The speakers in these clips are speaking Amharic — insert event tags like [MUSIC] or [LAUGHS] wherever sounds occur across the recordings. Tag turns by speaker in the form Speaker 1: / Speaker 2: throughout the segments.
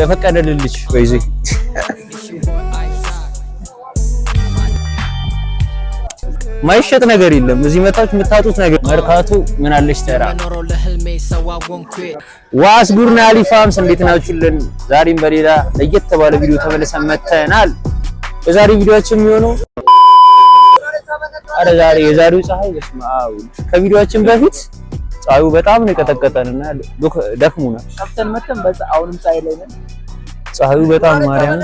Speaker 1: የፈቀደልልሽ ወይዚ ማይሸጥ ነገር የለም። እዚህ መታች የምታጡት ነገር መርካቱ ምን አለሽ ተራ ዋስ ጉርና ፋምስ እንዴት ናችሁልን? ዛሬም በሌላ ለየት ባለ ቪዲዮ ተመልሰን መተናል። የዛሬ ቪዲዮአችን የሚሆነው አረ ዛሬ የዛሬው ፀሐይ ከቪዲዮችን በፊት ፀሐዩ በጣም ነው የቀጠቀጠንና ደክሞናል።
Speaker 2: ከብተን መተን በዛ አሁንም ፀሐይ ላይ ነን።
Speaker 1: ፀሐዩ በጣም ማርያም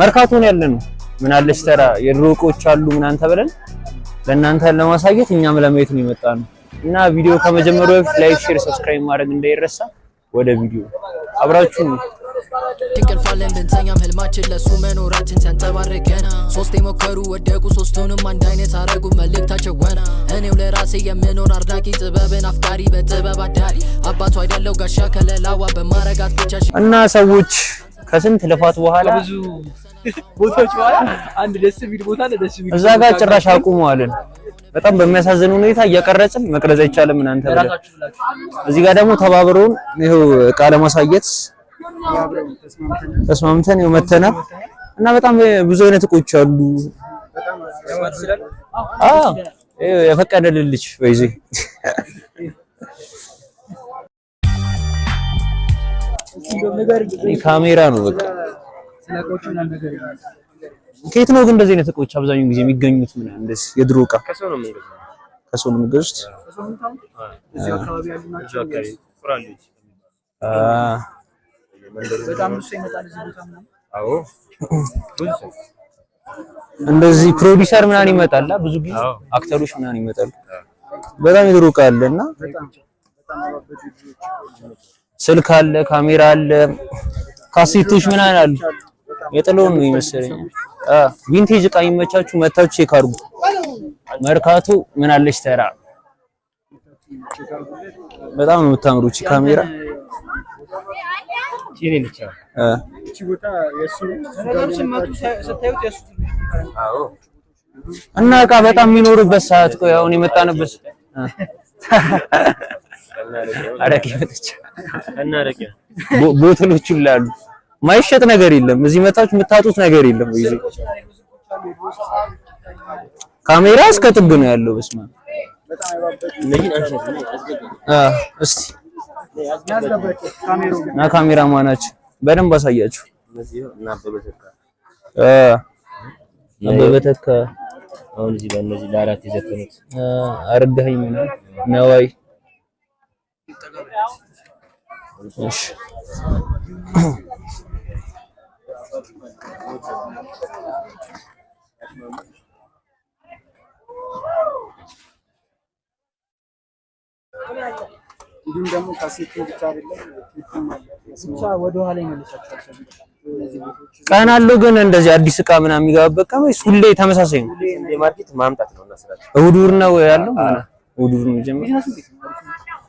Speaker 1: መርካቶ ነው ያለ ነው ምን አለሽ ተራ የድሮ እቃዎች አሉ ምናምን ተብለን ለእናንተ ለማሳየት እኛም ለማየት ነው የመጣ ነው እና ቪዲዮ ከመጀመሩ በፊት ላይክ፣ ሼር፣ ሰብስክራይብ ማድረግ እንዳይረሳ። ወደ ቪዲዮ አብራችሁ ፋለን ብንተኛም ህልማችን ለሱ መኖራችን ተንጸባርቀን ሶስት የሞከሩ ወደቁ ሶስቱንም አንድ አይነት አረጉ መልእክታቸው ወና እኔው ለራሴ የምኖር አድናቂ ጥበብን አፍቃሪ በጥበብ አዳሪ አባቱ አይደለው ጋሻ ከለላዋ በማረጋት ብቻ እና ሰዎች ከስንት ልፋት በኋላ ብዙ
Speaker 2: ቦታዎች በኋላ አንድ ደስ የሚል ቦታ ደስ የሚል
Speaker 1: እዛ ጋር ጭራሽ አቁመዋልን። በጣም በሚያሳዝን ሁኔታ እየቀረጽን መቅረጽ አይቻልም። እናንተ እዚህ ጋር ደግሞ ተባብረውን ይኸው እቃ ለማሳየት ተስማምተን ነው መተና እና በጣም ብዙ አይነት እቆች አሉ። አዎ የፈቀደልን ልጅ ካሜራ ነው በቃ። ከየት ነው ግን እንደዚህ አይነት እቃዎች አብዛኛውን ጊዜ የሚገኙት? ምን እንደዚህ የድሮ እቃ ከሰው ነው የምንገዙት። በጣም ምናምን። አዎ እንደዚህ ፕሮዲሰር ምናምን ይመጣል፣ ብዙ ጊዜ አክተሮች ምናምን ይመጣሉ። በጣም የድሮቃ አለ እና ስልክ አለ፣ ካሜራ አለ፣ ካሴቶች ምናምን አሉ። የጥለውን ነው ይመስለኛል። ቪንቴጅ እቃ የሚመቻችሁ መታችሁ ቼክ አድርጉ። መርካቶ ምን አለች ተራ በጣም ነው የምታምሩት ካሜራ እና እቃ በጣም የሚኖርበት ሰዓት ቆይ፣ አሁን የመጣንበት አረቄ መጥቻ ቦትሎቹ ማይሸጥ ነገር የለም። እዚህ የምታጡት ነገር የለም። ካሜራ እስከ ጥግ ነው ያለው። በስማ እና ካሜራማናችን በደንብ አሳያችሁ። አበበ ተካ አሁን እዚህ በእነዚህ ለአራት የዘፈኑት አረጋኸኝ ነዋይ እሺ ሴቱም ደግሞ ከሴቱ ብቻ አይደለም ወደ ኋላ ቀን አለው ግን እንደዚህ አዲስ እቃ ምናምን የሚገባበት ቀን ወይስ ሁሌ ተመሳሳይ ነው? ማርኬት ማምጣት ነው እና ስራ እሑድ እሑድ ነው ያለው። እሑድ እሑድ ነው ጀምሮ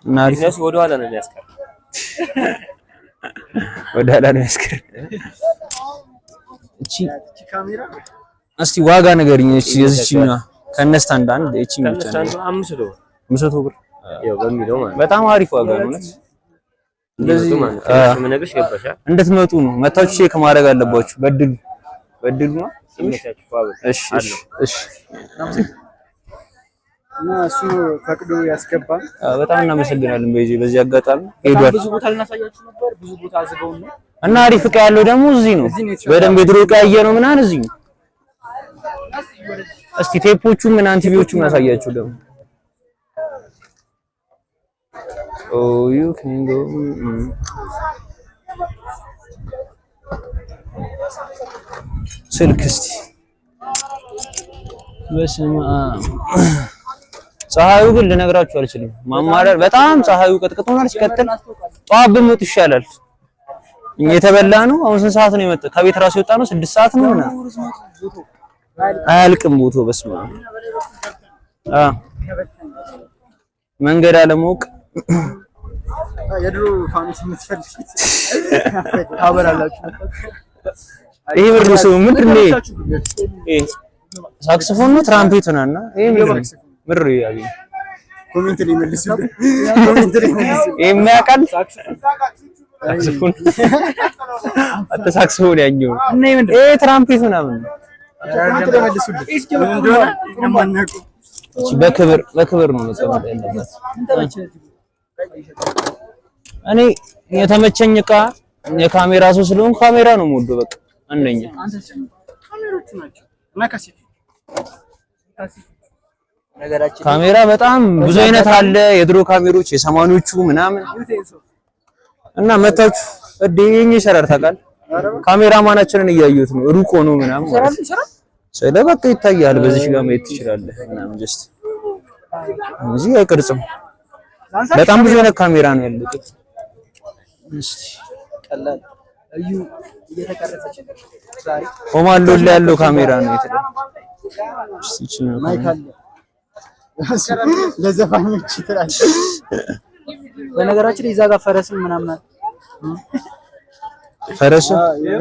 Speaker 1: እና ቢዝነሱ ወደ ኋላ ነው የሚያስቀር [LAUGHS] ወደ ኋላ ነው የሚያስቀር። እቺ ካሜራ እስቲ ዋጋ ንገሪኝ። እቺ የዚህችኛዋ ከእነ ስታንድ አንድ እቺ ብቻ ነው አምስት መቶ ብር በሚለው ማለት በጣም አሪፍ ዋጋ ነው። እንደዚህ እንድትመጡ ነው መታችሁ ቼክ ማድረግ አለባችሁ። በድሉ ነው። እሺ
Speaker 2: እሺ እና እሱ ፈቅዶ ያስገባል።
Speaker 1: በጣም እናመሰግናለን። በዚህ በዚህ አጋጣሚ ሄዷል። ብዙ ቦታ ልናሳያችሁ ነበር፣ ብዙ ቦታ አዝገው ነው እና አሪፍ እቃ ያለው ደግሞ እዚህ ነው። በደንብ የድሮ እቃ ያየ ነው ምናምን እዚህ ነው። እስቲ ቴፖቹ ምናምን ቲቪዎቹ ደግሞ Oh, you can go. Mm. ስልክ እስቲ በስመ አብ። ፀሐዩ ግን ልነግራችሁ አልችልም። ማማረር በጣም ፀሐዩ ቀጥቅጦናል። ሲቀጥል ጠዋት ብንወጥ ይሻላል። የተበላ ነው። አሁን ስንት ሰዓት ነው የመጣው? ከቤት እራሱ የወጣ ነው ስድስት ሰዓት ነው እና አያልቅም ቦታው። በስመ አብ መንገድ አለማወቅ የድሮ ፋኖስ የምትፈልግ ይሄ ሰው ምንድን ነው? ሳክስፎን ነው ትራምፔት ነው እና ይሄ ብር ያገኘ
Speaker 2: ኮሜንት ላይ መልስ፣
Speaker 1: ኮሜንት ላይ መልስ። ይሄ ሳክስፎን አተ ሳክስፎን ያኛው እና ይሄ ምንድን ይሄ ትራምፔት ምናምን በክብር በክብር ነው መጽሐፍ ያለበት እኔ የተመቸኝ እቃ የካሜራ ሰው ስለሆን ካሜራ ነው ሞዶ በቃ አንደኛ ካሜራ በጣም ብዙ አይነት አለ። የድሮ ካሜሮች የሰማኖቹ ምናምን እና መታችሁ እዴኝ ይሰራል ካሜራ ማናችንን እያዩት ነው ሩቆ ነው ምናምን ማለት ስለ በቃ ይታያል። በዚህ ጋር ማየት ትችላለህ ምናምን ጀስት እዚህ አይቀርጽም። በጣም ብዙ አይነት ካሜራ ነው ያለው። እስቲ ቀላል እዩ እየተቀረጸች ዛሬ ያለው ካሜራ ነው የተደረገው። እስቲ ማይክ አለ
Speaker 2: ለዘፋኞች ትላለች። በነገራችን ላይ እዛ ጋር ፈረስም ምናምን
Speaker 1: ፈረስ እ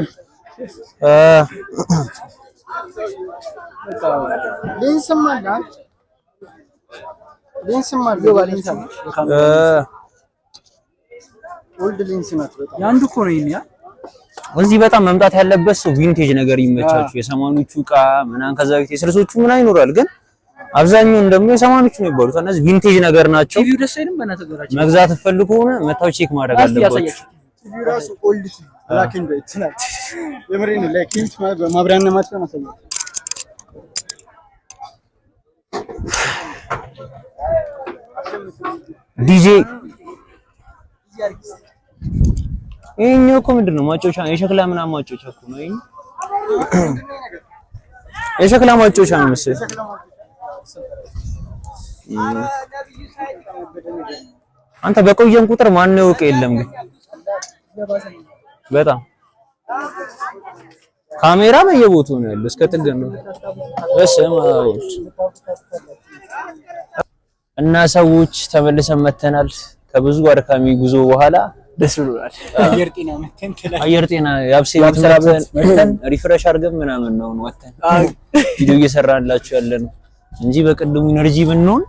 Speaker 2: እ
Speaker 1: እዚህ በጣም መምጣት ያለበት ሰው ቪንቴጅ ነገር ይመቻችሁ። የሰማኖቹ እቃ ምናምን ከዛ ቤት የስልሶቹ ምናምን ይኖራል፣ ግን አብዛኛውን ደግሞ የሰማኖቹ ነው የሚባሉት። እነዚህ ቪንቴጅ ነገር ናቸው። መግዛት ፈልጉ ሆነ መታው ቼክ ማድረግ አለባችሁ። ዲጄ ይሄኛው እኮ ምንድን ነው ማጮቻ የሸክላ ምናምን ማጮቻ እኮ ነው። ይሄ የሸክላ ማጮቻ ነው መሰለኝ። አንተ በቆየን ቁጥር ማን ያውቅ የለም ግን በጣም ካሜራ በየቦታው ነው ያለው። እስከ ጥግ ነው። በስመ አብ እና ሰዎች ተመልሰን መተናል ከብዙ አድካሚ ጉዞ በኋላ
Speaker 2: ደስ ብሎናል። አየር ጤና
Speaker 1: መተን አየር ጤና ያብሴ መተን ሪፍሬሽ አድርገን ምናምን ነው ወተን ቪዲዮ እየሰራንላችሁ ያለ ነው እንጂ በቅድሙ ኢነርጂ ብንሆን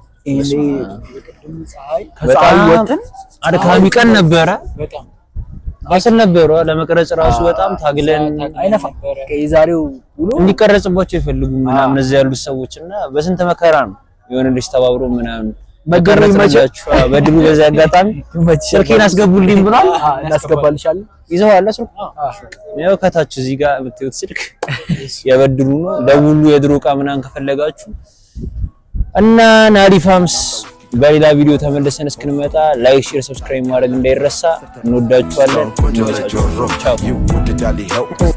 Speaker 1: በጣም አድካሚ ቀን ነበረ። አስል ነበረ ለመቅረጽ ራሱ በጣም ታግለን አይነፋም። የዛሬው ውሎ እንዲቀረጽባቸው ይፈልጉ ምናምን እዚያ ያሉት ሰዎች እና በስንት መከራ ነው የሆነ ልጅ ተባብሮ ምናምን መገረም ይመቻችሁ። በድሉ በዚህ አጋጣሚ [LAUGHS] ስልኬን አስገቡልኝ ብሏል። እናስገባልሻለን። አለ ስልክ ያው ከታች እዚህ ጋር የምታዩት ስልክ [LAUGHS] የበድሉ ነው። ደውሉ የድሮ ዕቃ ምናምን ከፈለጋችሁ እና ፋምስ በሌላ ቪዲዮ ተመልሰን እስክንመጣ ላይክ፣ ሼር፣ ሰብስክራይብ ማድረግ እንዳይረሳ። እንወዳችኋለን። ቻው።